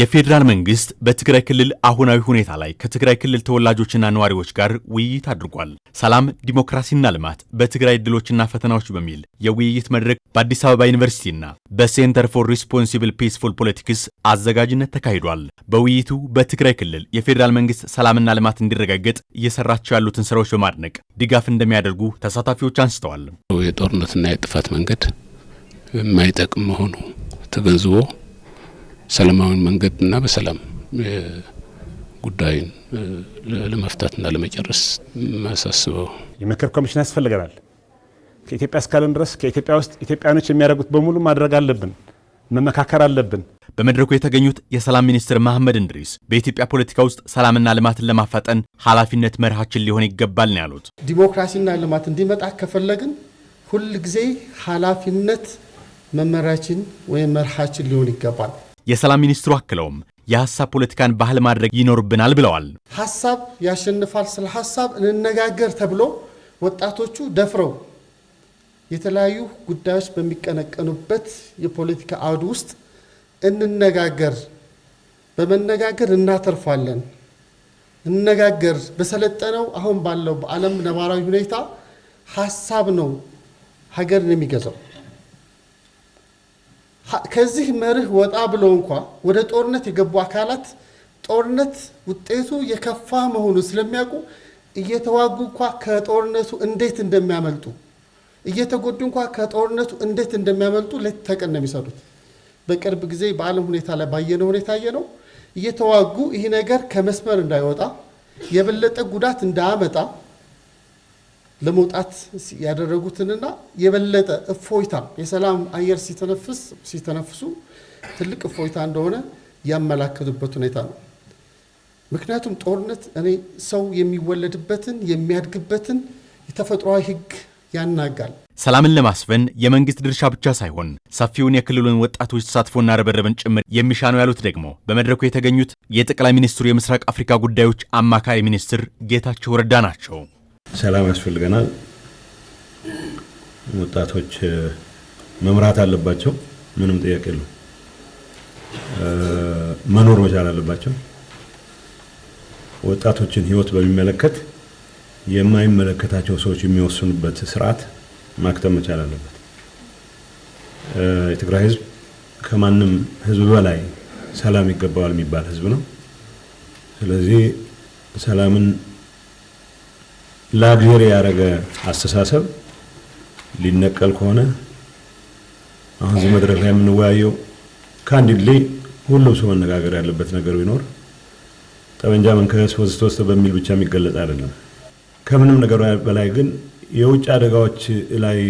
የፌዴራል መንግስት በትግራይ ክልል አሁናዊ ሁኔታ ላይ ከትግራይ ክልል ተወላጆችና ነዋሪዎች ጋር ውይይት አድርጓል። ሰላም ዲሞክራሲና ልማት በትግራይ እድሎችና ፈተናዎች በሚል የውይይት መድረክ በአዲስ አበባ ዩኒቨርሲቲና በሴንተር ፎር ሪስፖንሲብል ፒስፉል ፖለቲክስ አዘጋጅነት ተካሂዷል። በውይይቱ በትግራይ ክልል የፌዴራል መንግስት ሰላምና ልማት እንዲረጋገጥ እየሰራቸው ያሉትን ስራዎች በማድነቅ ድጋፍ እንደሚያደርጉ ተሳታፊዎች አንስተዋል። የጦርነትና የጥፋት መንገድ የማይጠቅም መሆኑ ተገንዝቦ ሰላማዊ መንገድና በሰላም ጉዳይን ለመፍታትና ለመጨረስ ማሳስበው የምክር ኮሚሽን ያስፈልገናል። ከኢትዮጵያ እስካለን ድረስ ከኢትዮጵያ ውስጥ ኢትዮጵያኖች የሚያደርጉት በሙሉ ማድረግ አለብን፣ መመካከር አለብን። በመድረኩ የተገኙት የሰላም ሚኒስትር መሐመድ እንድሪስ በኢትዮጵያ ፖለቲካ ውስጥ ሰላምና ልማትን ለማፋጠን ኃላፊነት መርሃችን ሊሆን ይገባል ነው ያሉት። ዲሞክራሲና ልማት እንዲመጣ ከፈለግን ሁል ጊዜ ኃላፊነት መመሪያችን ወይም መርሃችን ሊሆን ይገባል። የሰላም ሚኒስትሩ አክለውም የሐሳብ ፖለቲካን ባህል ማድረግ ይኖርብናል ብለዋል። ሐሳብ ያሸንፋል፣ ስለ ሐሳብ እንነጋገር ተብሎ ወጣቶቹ ደፍረው የተለያዩ ጉዳዮች በሚቀነቀኑበት የፖለቲካ አውድ ውስጥ እንነጋገር፣ በመነጋገር እናተርፋለን፣ እንነጋገር። በሰለጠነው አሁን ባለው በዓለም ነባራዊ ሁኔታ ሐሳብ ነው ሀገርን የሚገዛው። ከዚህ መርህ ወጣ ብሎ እንኳ ወደ ጦርነት የገቡ አካላት ጦርነት ውጤቱ የከፋ መሆኑን ስለሚያውቁ እየተዋጉ እንኳ ከጦርነቱ እንዴት እንደሚያመልጡ እየተጎዱ እንኳ ከጦርነቱ እንዴት እንደሚያመልጡ ሌት ተቀን ነው የሚሰሩት። በቅርብ ጊዜ በዓለም ሁኔታ ላይ ባየነው ሁኔታ ነው እየተዋጉ ይህ ነገር ከመስመር እንዳይወጣ የበለጠ ጉዳት እንዳያመጣ ለመውጣት ያደረጉትንና የበለጠ እፎይታ የሰላም አየር ሲተነፍስ ሲተነፍሱ ትልቅ እፎይታ እንደሆነ ያመላከቱበት ሁኔታ ነው። ምክንያቱም ጦርነት እኔ ሰው የሚወለድበትን የሚያድግበትን የተፈጥሯዊ ሕግ ያናጋል። ሰላምን ለማስፈን የመንግስት ድርሻ ብቻ ሳይሆን ሰፊውን የክልሉን ወጣቶች ተሳትፎና ረበረበን ጭምር የሚሻ ነው ያሉት ደግሞ በመድረኩ የተገኙት የጠቅላይ ሚኒስትሩ የምስራቅ አፍሪካ ጉዳዮች አማካሪ ሚኒስትር ጌታቸው ረዳ ናቸው። ሰላም ያስፈልገናል። ወጣቶች መምራት አለባቸው። ምንም ጥያቄ የለው። መኖር መቻል አለባቸው። ወጣቶችን ህይወት በሚመለከት የማይመለከታቸው ሰዎች የሚወስኑበት ስርዓት ማክተም መቻል አለበት። የትግራይ ህዝብ ከማንም ህዝብ በላይ ሰላም ይገባዋል የሚባል ህዝብ ነው። ስለዚህ ሰላምን ላግዠሪ ያደረገ አስተሳሰብ ሊነቀል ከሆነ አሁን እዚህ መድረክ ላይ የምንወያየው ካንዲድሊ ሁሉም ሰው መነጋገር ያለበት ነገር ቢኖር ጠመንጃ መንከስ ወስቶ በሚል ብቻ የሚገለጽ አይደለም። ከምንም ነገር በላይ ግን የውጭ አደጋዎች ላይ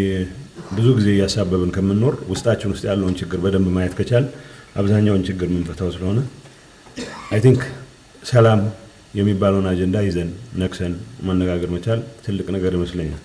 ብዙ ጊዜ እያሳበብን ከምንኖር ውስጣችን ውስጥ ያለውን ችግር በደንብ ማየት ከቻል አብዛኛውን ችግር የምንፈታው ስለሆነ አይ ቲንክ ሰላም የሚባለውን አጀንዳ ይዘን ነክሰን ማነጋገር መቻል ትልቅ ነገር ይመስለኛል።